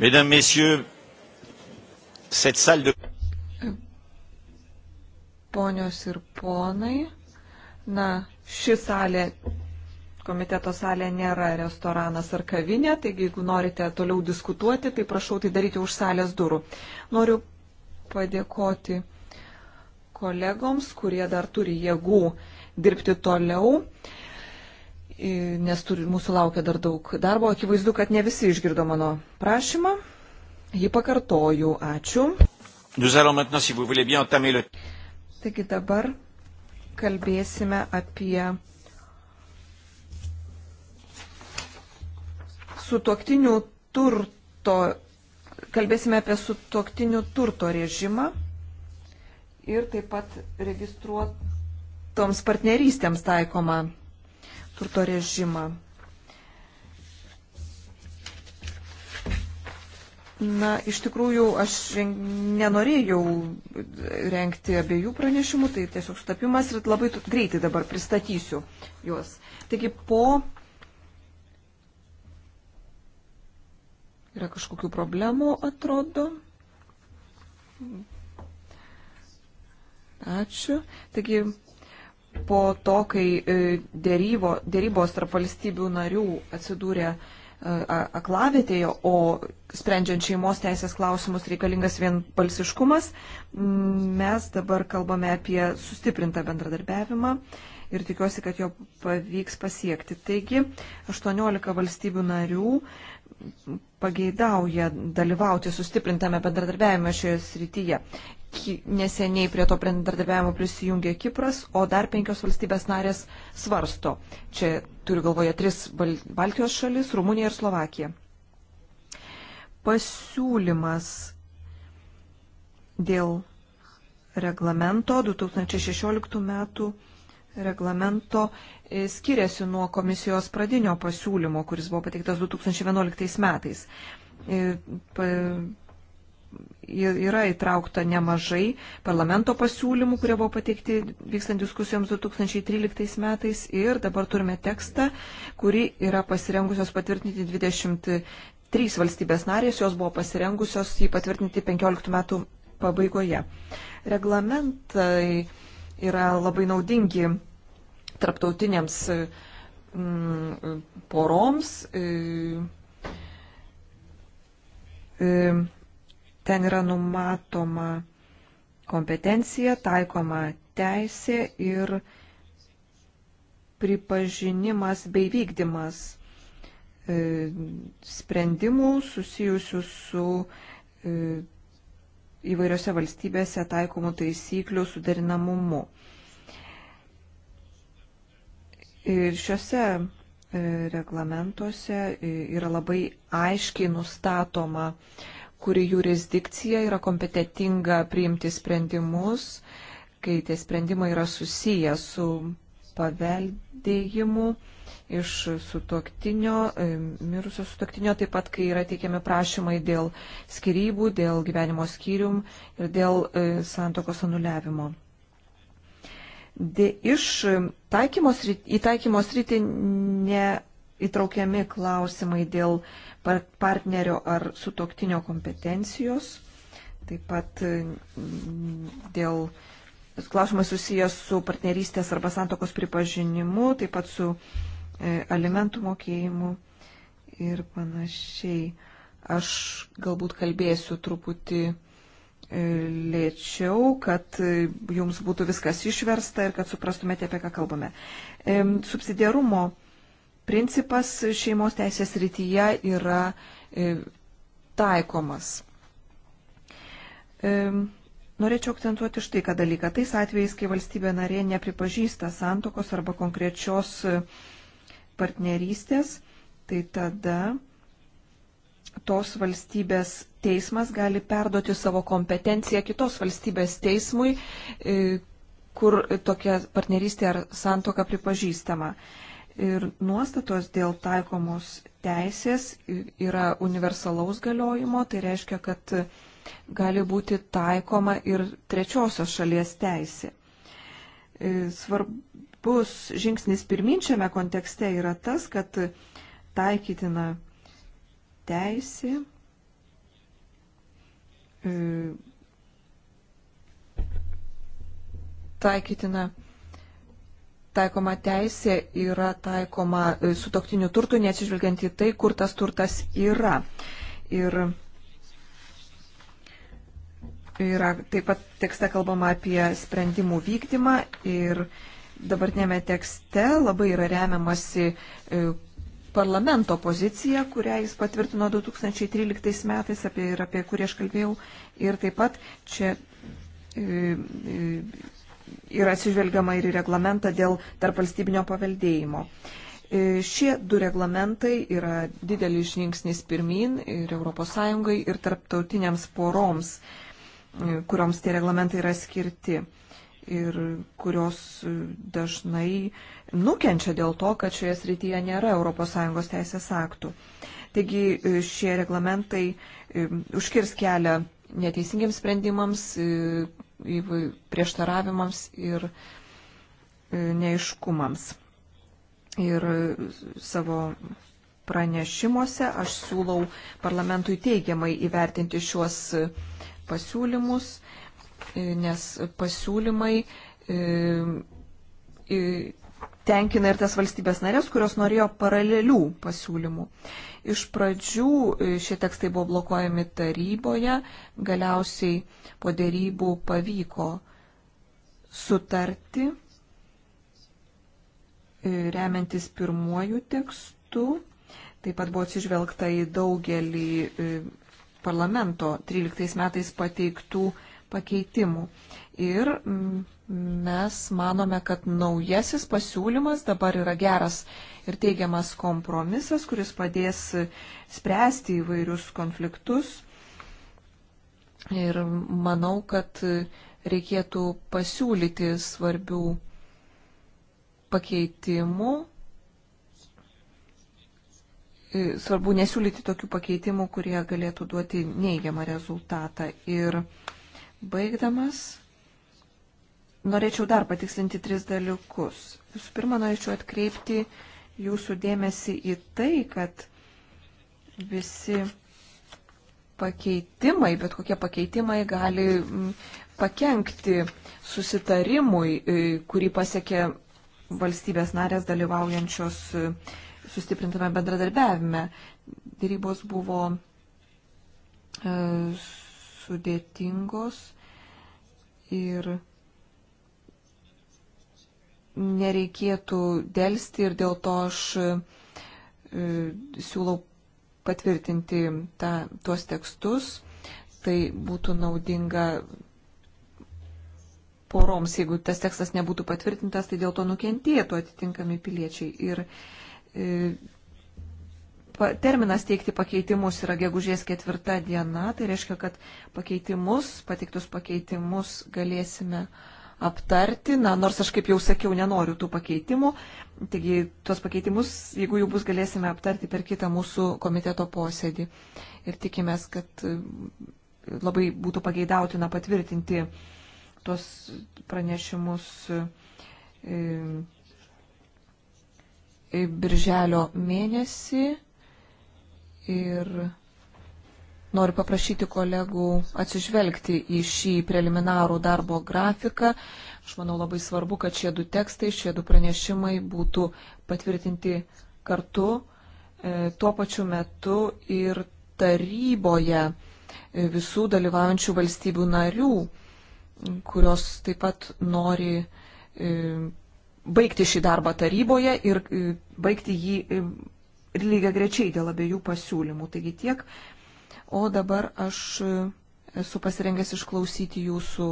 Mesdames, Messieurs, cette salle de. Ponios ir ponai, na, ši salė, komiteto salė nėra restoranas ar kavinė, taigi jeigu norite toliau diskutuoti, tai prašau tai daryti už salės durų. Noriu padėkoti kolegoms, kurie dar turi jėgų dirbti toliau nes turi, mūsų laukia dar daug darbo. Akivaizdu, kad ne visi išgirdo mano prašymą. Jį pakartoju. Ačiū. Taigi dabar kalbėsime apie sutuoktinių turto, kalbėsime apie sutuoktinių turto režimą ir taip pat registruotoms partnerystėms taikoma turto režimą. Na, iš tikrųjų, aš nenorėjau renkti abiejų pranešimų, tai tiesiog sutapimas ir labai greitai dabar pristatysiu juos. Taigi po. Yra kažkokių problemų, atrodo. Ačiū. Taigi po to, kai e, dėrybo, dėrybos tarp valstybių narių atsidūrė e, aklavėtėje, o sprendžiant šeimos teisės klausimus reikalingas vienbalsiškumas, mes dabar kalbame apie sustiprintą bendradarbiavimą ir tikiuosi, kad jo pavyks pasiekti. Taigi, 18 valstybių narių pageidauja dalyvauti sustiprintame bendradarbiavime šioje srityje neseniai prie to bendradarbiavimo prisijungė Kipras, o dar penkios valstybės narės svarsto. Čia turiu galvoje tris Baltijos šalis - Rumunija ir Slovakija. Pasiūlymas dėl reglamento 2016 metų reglamento e, skiriasi nuo komisijos pradinio pasiūlymo, kuris buvo pateiktas 2011 metais e, yra įtraukta nemažai parlamento pasiūlymų, kurie buvo pateikti vykstant diskusijoms 2013 metais ir dabar turime tekstą, kurį yra pasirengusios patvirtinti 23 valstybės narės, jos buvo pasirengusios jį patvirtinti 15 metų pabaigoje. Reglamentai yra labai naudingi tarptautiniams mm, poroms. E, e, Ten yra numatoma kompetencija, taikoma teisė ir pripažinimas bei vykdymas e, sprendimų susijusių su e, įvairiose valstybėse taikomų taisyklių suderinamumu. Ir šiuose e, reglamentuose yra labai aiškiai nustatoma uh, kuri jurisdikcija yra kompetitinga priimti sprendimus, kai tie sprendimai yra susiję su paveldėjimu iš sutoktinio, e, mirusio sutoktinio, taip pat, kai yra teikiami prašymai dėl skirybų, dėl gyvenimo skyrium ir dėl e, santokos anuliavimo. De, iš taikymos, į taikymos rytį ne įtraukiami klausimai dėl partnerio ar sutoktinio kompetencijos, taip pat dėl klausimai susijęs su partnerystės arba santokos pripažinimu, taip pat su e, alimentų mokėjimu ir panašiai. Aš galbūt kalbėsiu truputį e, lėčiau, kad e, jums būtų viskas išversta ir kad suprastumėte, apie ką kalbame. Subsidiarumo principas šeimos teisės rytyje yra e, taikomas. E, norėčiau akcentuoti štai ką dalyką. Tais atvejais, kai valstybė narė nepripažįsta santokos arba konkrečios e, partnerystės, tai tada tos valstybės teismas gali perduoti savo kompetenciją kitos valstybės teismui, kur tokia partnerystė ar santoka pripažįstama ir nuostatos dėl taikomos teisės yra universalaus galiojimo, tai reiškia, kad gali būti taikoma ir trečiosios šalies teisė. E, svarbus žingsnis pirminčiame kontekste yra tas, kad taikytina teisė e, taikytina teisė taikoma teisė yra taikoma e, sutoktinių turtų, neatsižvelgiant į tai, kur tas turtas yra. Ir yra taip pat tekste kalbama apie sprendimų vykdymą ir dabartinėme tekste labai yra remiamasi e, parlamento pozicija, kurią jis patvirtino 2013 metais apie, ir apie kurį aš kalbėjau. Ir taip pat čia e, yra atsižvelgiama ir į reglamentą dėl tarpvalstybinio paveldėjimo. E, šie du reglamentai yra didelis žingsnis pirmin ir ES ir tarptautiniams poroms, e, kurioms tie reglamentai yra skirti ir kurios dažnai nukenčia dėl to, kad šioje srityje nėra ES teisės aktų. Taigi e, šie reglamentai užkirs kelią neteisingiams sprendimams, prieštaravimams ir e, neiškumams. Ir savo pranešimuose aš siūlau parlamentui teigiamai įvertinti šiuos e, pasiūlymus, e, nes pasiūlymai tenkina ir tas valstybės narės, kurios norėjo paralelių pasiūlymų. Iš pradžių e, šie tekstai buvo blokuojami taryboje, galiausiai po dėrybų pavyko sutarti, e, remiantis pirmuoju tekstu. Taip pat buvo atsižvelgta į daugelį e, parlamento 13 metais pateiktų pakeitimų ir mm, mes manome, kad naujasis pasiūlymas dabar yra geras ir teigiamas kompromisas, kuris padės spręsti įvairius konfliktus. Ir manau, kad reikėtų pasiūlyti svarbių pakeitimų. Svarbu nesiūlyti tokių pakeitimų, kurie galėtų duoti neigiamą rezultatą. Ir baigdamas norėčiau dar patikslinti tris dalykus. Visų pirma, norėčiau atkreipti jūsų dėmesį į tai, kad visi pakeitimai, bet kokie pakeitimai gali mm, pakengti susitarimui, e, kurį pasiekė valstybės narės dalyvaujančios e, sustiprintame bendradarbiavime. Dėrybos buvo e, sudėtingos ir nereikėtų dėlsti ir dėl to aš e, siūlau patvirtinti tą, tuos tekstus. Tai būtų naudinga poroms, jeigu tas tekstas nebūtų patvirtintas, tai dėl to nukentėtų atitinkami piliečiai. Ir e, pa, terminas teikti pakeitimus yra gegužės ketvirta diena, tai reiškia, kad pakeitimus, pateiktus pakeitimus galėsime e, aptarti, na, nors aš kaip jau sakiau, nenoriu tų pakeitimų, taigi tuos pakeitimus, jeigu jų bus, galėsime aptarti per kitą mūsų komiteto posėdį. Ir tikimės, kad e, labai būtų pageidautina patvirtinti tuos pranešimus e, e, birželio mėnesį. Ir Noriu paprašyti kolegų atsižvelgti į šį preliminarų darbo grafiką. Aš manau labai svarbu, kad šie du tekstai, šie du pranešimai būtų patvirtinti kartu e, tuo pačiu metu ir taryboje e, visų dalyvaujančių valstybių narių, kurios taip pat nori e, baigti šį darbą taryboje ir e, baigti jį e, lygiai grečiai dėl abiejų pasiūlymų. Taigi tiek O dabar aš esu pasirengęs išklausyti jūsų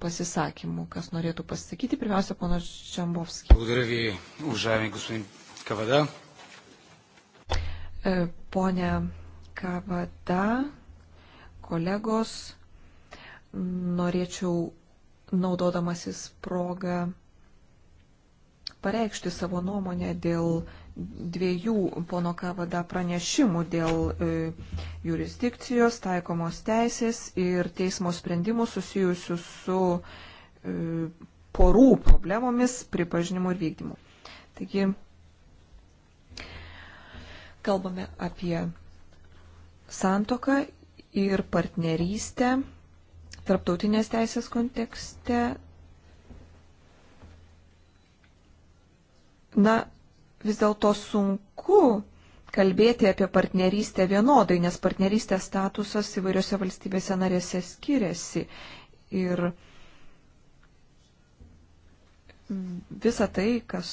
pasisakymų, kas norėtų pasisakyti. Pirmiausia, ponas Čambovskis. Благодаря, уважаеми господин Кавада. Pone Kavada, kolegos, norėčiau naudodamasis progą pareikšti savo nuomonę dėl dviejų pono Kavada pranešimų dėl e, jurisdikcijos, taikomos teisės ir teismo sprendimų susijusių su e, porų problemomis, pripažinimu ir vykdymu. Taigi, kalbame apie santoką ir partnerystę tarptautinės teisės kontekste. Na, vis dėlto sunku kalbėti apie partnerystę vienodai, nes partnerystės statusas įvairiose valstybėse narėse skiriasi. Ir visa tai, kas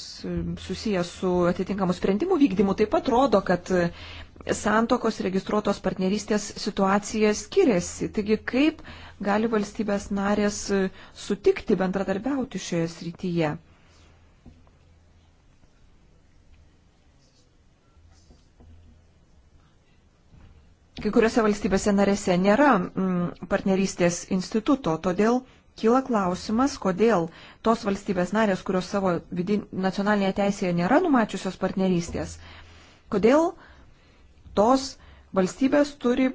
susijęs su atitinkamu sprendimu vykdymu, taip pat rodo, kad santokos registruotos partnerystės situacija skiriasi. Taigi, kaip gali valstybės narės sutikti bendradarbiauti šioje srityje? kai kuriuose valstybėse narėse nėra mm, partnerystės instituto, todėl kyla klausimas, kodėl tos valstybės narės, kurios savo vidin, nacionalinėje teisėje nėra numačiusios partnerystės, kodėl tos valstybės turi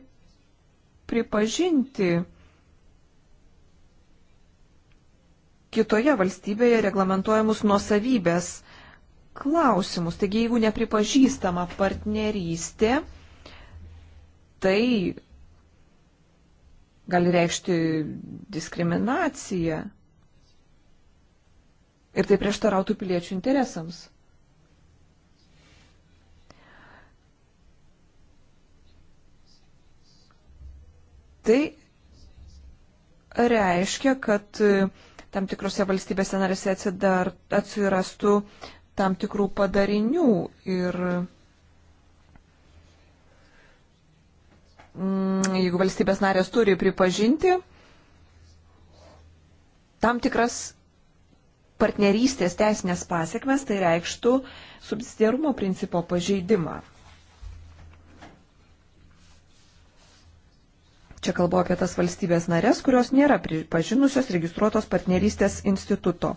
pripažinti kitoje valstybėje reglamentuojamus nuosavybės klausimus. Taigi, jeigu nepripažįstama partnerystė, tai gali reikšti diskriminaciją. Ir tai prieštarautų piliečių interesams. Tai reiškia, kad e, tam tikrose valstybėse narėse atsidartų tam tikrų padarinių ir Mm, jeigu valstybės narės turi pripažinti tam tikras partnerystės teisinės pasiekmes, tai reikštų subsidiarumo principo pažeidimą. Čia kalbu apie tas valstybės narės, kurios nėra pripažinusios registruotos partnerystės instituto.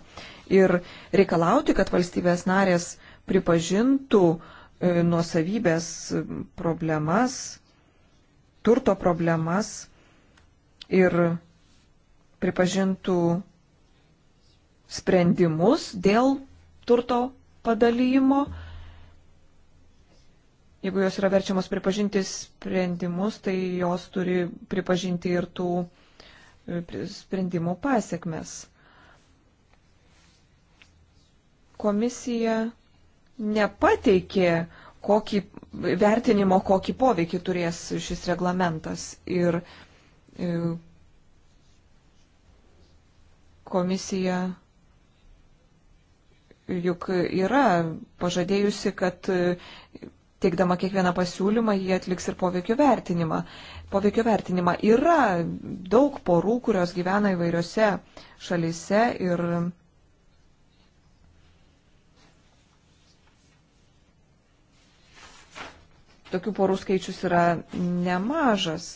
Ir reikalauti, kad valstybės narės pripažintų e, nuosavybės problemas turto problemas ir pripažintų sprendimus dėl turto padalymo. Jeigu jos yra verčiamos pripažinti sprendimus, tai jos turi pripažinti ir tų e, sprendimų pasiekmes. Komisija nepateikė uh, kokį vertinimo, kokį poveikį turės šis reglamentas. Ir e, komisija juk yra pažadėjusi, kad e, teikdama kiekvieną pasiūlymą, jie atliks ir poveikio vertinimą. Poveikio vertinimą yra daug porų, kurios gyvena įvairiose šalise ir tokių porų skaičius yra nemažas,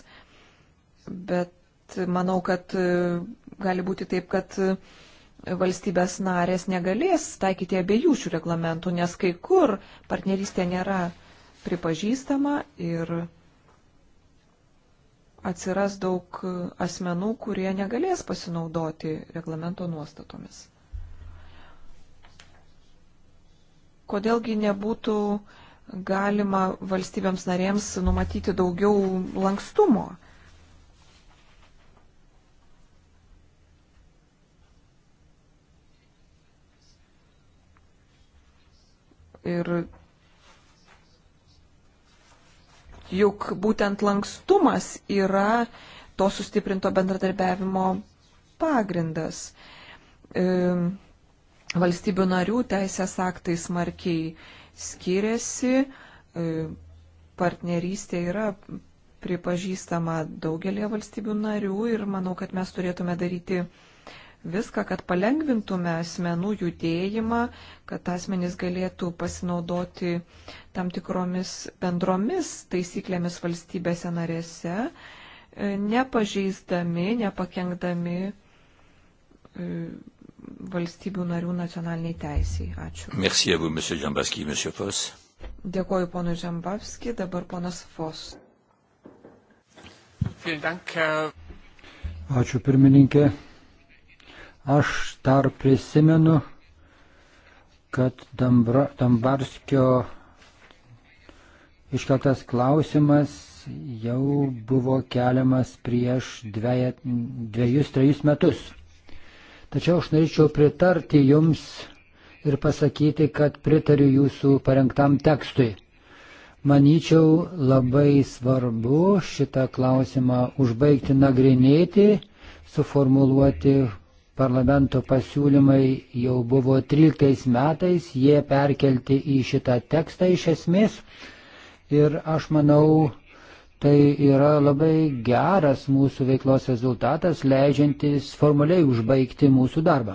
bet manau, kad e, gali būti taip, kad e, valstybės narės negalės taikyti abiejų šių reglamentų, nes kai kur partnerystė nėra pripažįstama ir atsiras daug asmenų, kurie negalės pasinaudoti reglamento nuostatomis. Kodėlgi nebūtų uh, galima valstybėms narėms numatyti daugiau lankstumo. Ir juk būtent lankstumas yra to sustiprinto bendradarbiavimo pagrindas. E, valstybių narių teisės aktai smarkiai skiriasi, e, partnerystė yra pripažįstama daugelie valstybių narių ir manau, kad mes turėtume daryti viską, kad palengvintume asmenų judėjimą, kad asmenys galėtų pasinaudoti tam tikromis bendromis taisyklėmis valstybėse narėse, e, nepažeisdami, nepakengdami e, valstybių narių nacionaliniai teisiai. Ačiū. Merci à vous, monsieur Džambaski, monsieur Fos. Dėkoju ponui Džambavski, dabar ponas Fos. Ačiū pirmininkė. Aš dar prisimenu, kad Dambra, Dambarskio iškeltas klausimas jau buvo keliamas prieš dviejus, trejus metus. Tačiau aš norėčiau pritarti jums ir pasakyti, kad pritariu jūsų parengtam tekstui. Manyčiau labai svarbu šitą klausimą užbaigti nagrinėti, suformuluoti parlamento pasiūlymai jau buvo 13 metais, jie perkelti į šitą tekstą iš esmės. Ir aš manau, Tai yra labai geras mūsų veiklos rezultatas, leidžiantis formaliai užbaigti mūsų darbą.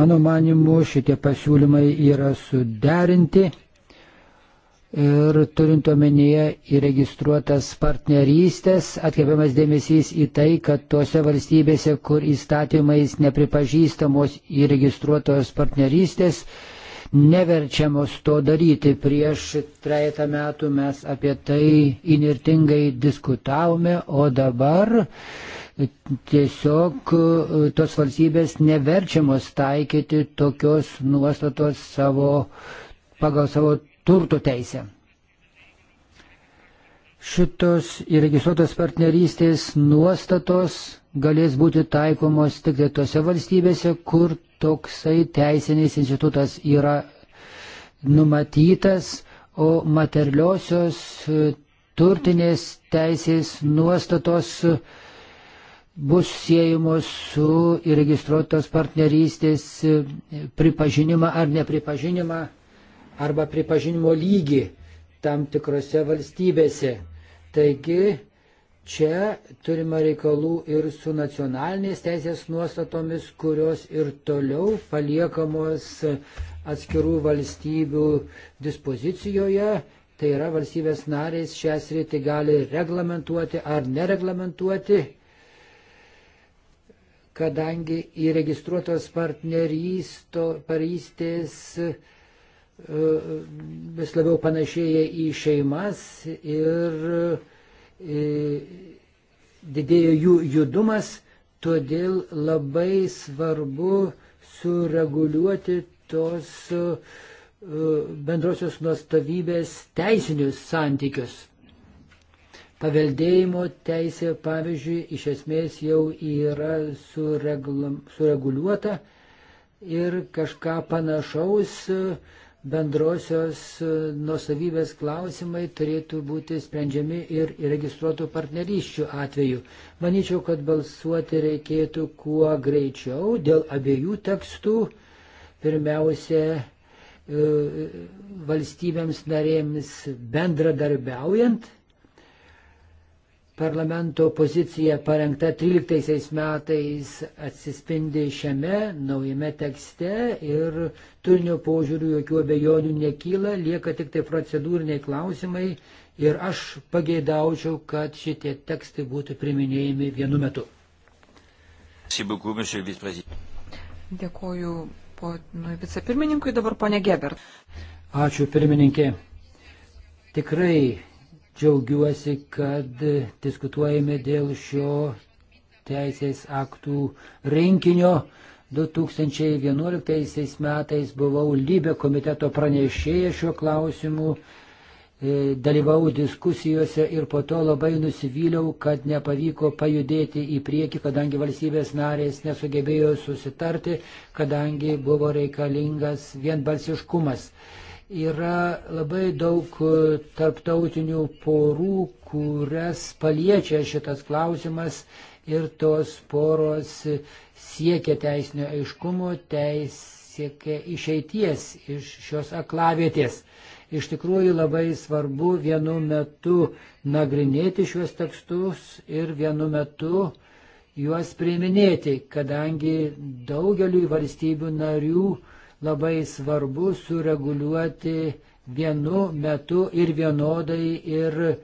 Mano manimu, šitie pasiūlymai yra suderinti ir turint omenyje įregistruotas partnerystės, atkreipiamas dėmesys į tai, kad tose valstybėse, kur įstatymais nepripažįstamos įregistruotos partnerystės, neverčiamos to daryti. Prieš trejata metų mes apie tai inirtingai diskutavome, o dabar tiesiog e, tos valstybės neverčiamos taikyti tokios nuostatos savo, pagal savo turto teisę. Šitos įregistruotos partnerystės nuostatos galės būti taikomos tik tai tose valstybėse, kur toksai teisinis institutas yra numatytas, o materialiosios e, turtinės teisės nuostatos e, bus siejamos su įregistruotos partnerystės e, pripažinimą ar nepripažinimą arba pripažinimo lygį tam tikrose valstybėse. Taigi Čia turime reikalų ir su nacionalinės teisės nuostatomis, kurios ir toliau paliekamos atskirų valstybių dispozicijoje. Tai yra valstybės narės šią sritį gali reglamentuoti ar nereglamentuoti, kadangi įregistruotos partnerystės e, vis labiau panašėja į šeimas ir E, didėjo jų judumas, todėl labai svarbu sureguliuoti tos e, bendrosios nuostabybės teisinius santykius. Paveldėjimo teisė, pavyzdžiui, iš esmės jau yra sureguliuota ir kažką panašaus uh, bendrosios e, nusavybės klausimai turėtų būti sprendžiami ir įregistruotų partnerysčių atveju. Manyčiau, kad balsuoti reikėtų kuo greičiau dėl abiejų tekstų. Pirmiausia, e, valstybėms narėms bendradarbiaujant Parlamento pozicija parengta 13 metais atsispindi šiame naujame tekste ir turinio požiūrių jokių abejonių nekyla, lieka tik tai procedūriniai klausimai ir aš pageidaučiau, kad šitie tekstai būtų priminėjami vienu metu. Dėkuoju ponui vicepirmininkui, dabar ponė Gebert. Ačiū pirmininkė. Tikrai Džiaugiuosi, kad diskutuojame dėl šio teisės aktų rinkinio. 2011 metais buvau Lybė komiteto pranešėję šiuo klausimu, e, dalyvau diskusijose ir po to labai nusivyliau, kad nepavyko pajudėti į priekį, kadangi valstybės narės nesugebėjo susitarti, kadangi buvo reikalingas vienbalsiškumas. Yra labai daug e, tarptautinių porų, kurias paliečia šitas klausimas ir tos poros siekia teisinio aiškumo, teisėkia išeities iš šios aklavietės. Iš tikrųjų labai svarbu vienu metu nagrinėti šiuos tekstus ir vienu metu juos priiminėti, kadangi daugeliu valstybių narių labai svarbu sureguliuoti vienu metu ir vienodai ir e,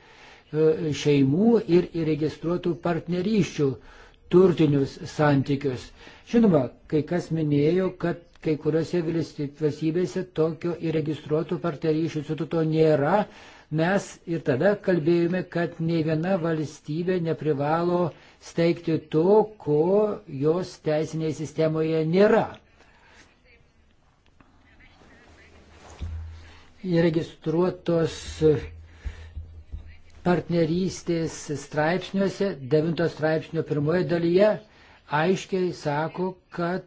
šeimų ir įregistruotų partnerysčių turtinius santykius. Žinoma, kai kas minėjo, kad kai kuriuose valstybėse tokio įregistruotų partnerysčių instituto nėra, mes ir tada kalbėjome, kad nei viena valstybė neprivalo steigti to, ko jos teisinėje sistemoje nėra. įregistruotos partnerystės straipsniuose, 9 straipsnio pirmoje dalyje, aiškiai sako, kad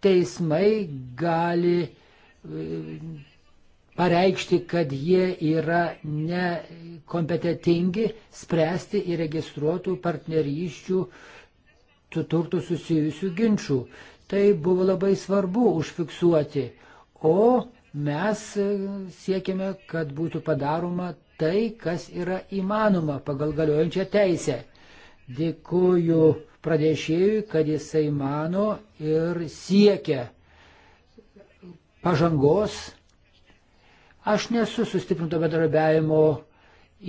teismai gali e, pareikšti, kad jie yra nekompetitingi spręsti įregistruotų partnerysčių su turtų susijusių ginčių. Tai buvo labai svarbu užfiksuoti. O Mes e, siekiame, kad būtų padaroma tai, kas yra įmanoma pagal galiojančią teisę. Dėkuoju pradėšėjui, kad jisai mano ir siekia pažangos. Aš nesu sustiprinto bendradarbiavimo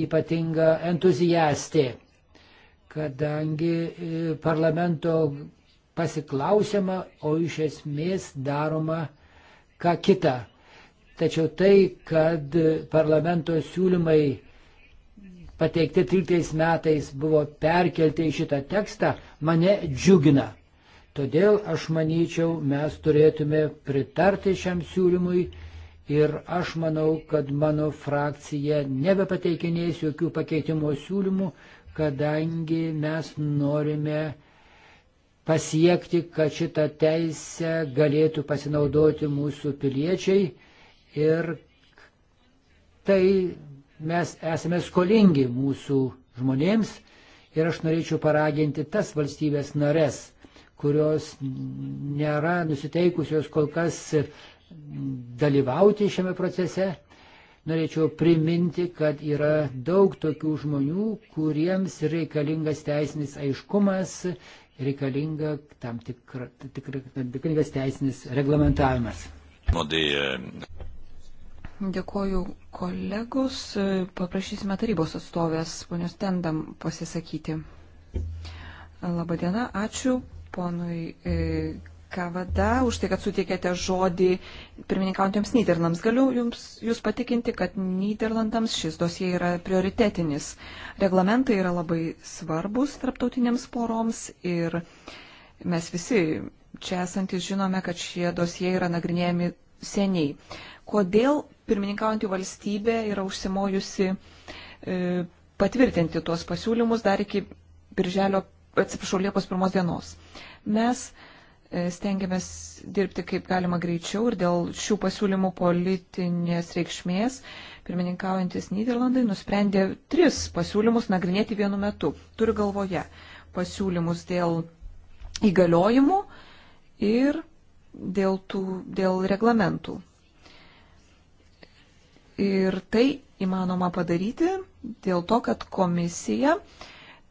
ypatinga entuziastė, kadangi e, parlamento pasiklausiama, o iš esmės daroma ką kita. Tačiau tai, kad parlamento siūlymai pateikti 13 metais buvo perkelti į šitą tekstą, mane džiugina. Todėl aš manyčiau, mes turėtume pritarti šiam siūlymui ir aš manau, kad mano frakcija nebepateikinės jokių pakeitimo siūlymų, kadangi mes norime pasiekti, kad šitą teisę galėtų pasinaudoti mūsų piliečiai ir tai mes esame skolingi mūsų žmonėms ir aš norėčiau paraginti tas valstybės nares, kurios nėra nusiteikusios kol kas dalyvauti šiame procese. Norėčiau priminti, kad yra daug tokių žmonių, kuriems reikalingas teisinis aiškumas, reikalinga tam, tikra, tikra, tam tikras teisinis reglamentavimas. Dėkoju kolegos. Paprašysime tarybos atstovės, ponios Tendam, pasisakyti. Labadiena, ačiū ponui e, Kavada už tai, kad suteikėte žodį pirmininkaujantiems Niderlandams. Galiu jums, jūs patikinti, kad Niderlandams šis dosie yra prioritetinis. Reglamentai yra labai svarbus tarptautinėms poroms ir mes visi čia esantis žinome, kad šie dosie yra nagrinėjami seniai. Kodėl pirmininkaujantį valstybę yra užsimojusi e, patvirtinti tuos pasiūlymus dar iki birželio, atsiprašau, Liepos pirmos dienos. Mes e, stengiamės dirbti kaip galima greičiau ir dėl šių pasiūlymų politinės reikšmės pirmininkaujantis Niderlandai nusprendė tris pasiūlymus nagrinėti vienu metu. Turiu galvoje pasiūlymus dėl įgaliojimų ir dėl, tų, dėl reglamentų. Ir tai įmanoma padaryti dėl to, kad komisija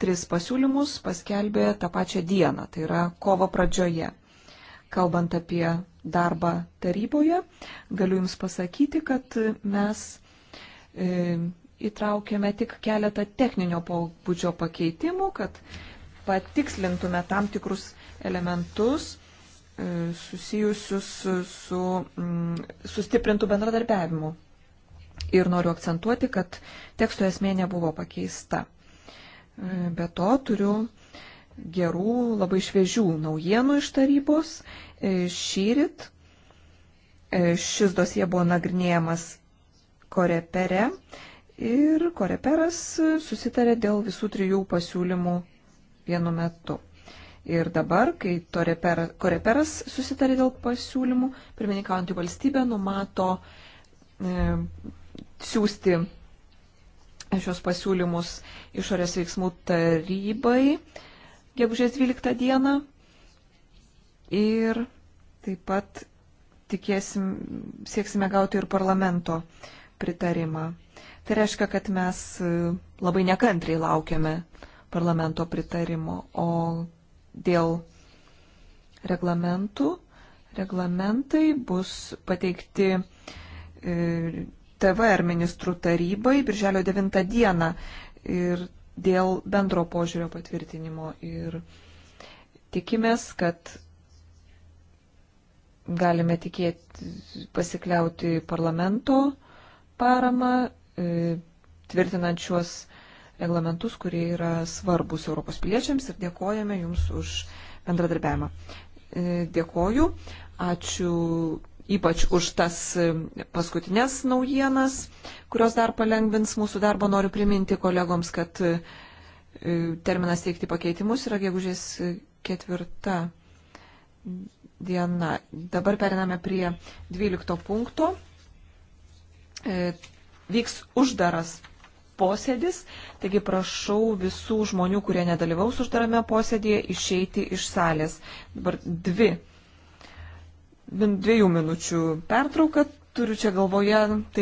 tris pasiūlymus paskelbė tą pačią dieną, tai yra kovo pradžioje. Kalbant apie darbą taryboje, galiu Jums pasakyti, kad mes e, įtraukėme tik keletą techninio pobūdžio pakeitimų, kad patikslintume tam tikrus elementus E, susijusius su mm, sustiprintų bendradarbiavimu. Ir noriu akcentuoti, kad teksto esmė nebuvo pakeista. E, be to turiu gerų, labai šviežių naujienų iš tarybos. E, Šyrit šis dosie buvo nagrinėjamas korepere ir koreperas susitarė dėl visų trijų pasiūlymų vienu metu. Ir dabar, kai Koreperas susitarė dėl pasiūlymų, pirmininkaujantį valstybę numato e, siūsti šios pasiūlymus išorės veiksmų tarybai gegužės 12 dieną. Ir taip pat tikėsim, sieksime gauti ir parlamento pritarimą. Tai reiškia, kad mes e, labai nekantriai laukiame parlamento pritarimo, o dėl reglamentų. Reglamentai bus pateikti e, TVR ministrų tarybai birželio 9 dieną ir dėl bendro požiūrio patvirtinimo. Ir tikimės, kad galime tikėti pasikliauti parlamento parama, e, tvirtinant šiuos reglamentus, kurie yra svarbus Europos piliečiams ir dėkojame Jums už bendradarbiavimą. E, dėkoju, ačiū ypač už tas paskutinės naujienas, kurios dar palengvins mūsų darbą. Noriu priminti kolegoms, kad e, terminas teikti pakeitimus yra gegužės ketvirta diena. Dabar periname prie 12 punkto. E, vyks uždaras posėdis, taigi prašau visų žmonių, kurie nedalyvaus uždarame posėdėje, išeiti iš salės. Dabar dvi, dviejų minučių pertrauką turiu čia galvoje. Tai